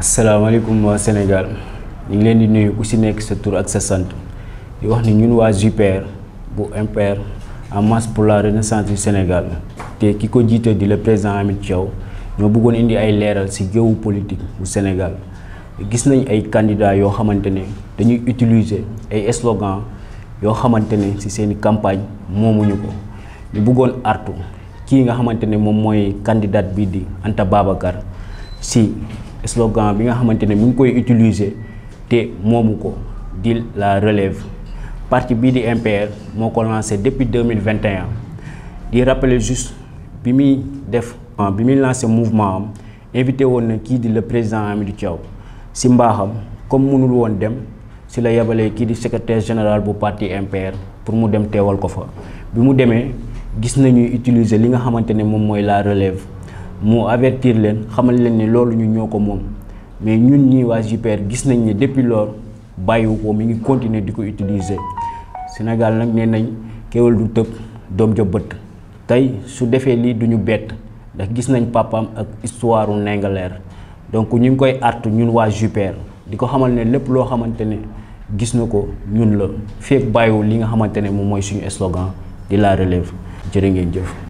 asalaamaaleykum waa Sénégal ñu ngi leen di nuyu ku si nekk sa tur ak sa sant di wax ni ñun waa JPR bu MPR en marche pour la renaissance du Sénégal te ki ko jiite di la président Hamid Thiaw ñoo bëggoon indi ay leeral ci géewu politique bu Sénégal gis nañ ay candidats yoo xamante ne dañuy utiliser ay slogan yoo xamante ne ci seeni campagne moomuñu ko ñu bëggoon artu kii nga xamante ne moom mooy candidat bii di Anta Babacar Sy slogan bi nga xamante ne mi ngi koy utiliser te moomu ko di la relève parti bii di MPR moo ko mille depuis 2021 di rappeler juste bi muy def ah, bi muy lancé mouvement am invité woon na kii di la président Hamidou Thiaw si mbaaxam comme mënul woon dem si la yabalee kii di secretaire général bu parti MPR pour mu dem teewal ko fa bi mu demee gis nañuy utiliser li nga xamante ne moom mooy la relève mu avertir leen xamal leen ni loolu ñu ñoo ko moom mais ñun ñi waa JPR gis nañ ne depuis lors bàyyiwu ko mi ngi continuer di ko utiliser Sénégal nag nee nañ kéwal du tëb doom ja bëtt tey su defee lii duñu bett ndax gis nañ papaam ak histoire u Ndingler donc ñu ngi koy artu ñun waa JPR di ko xamal ne lépp loo xamante ne gis na ko ñun la feeg bàyyiwul li nga xamante ne moom mooy suñu slogan di la relève jërë ngeen jëf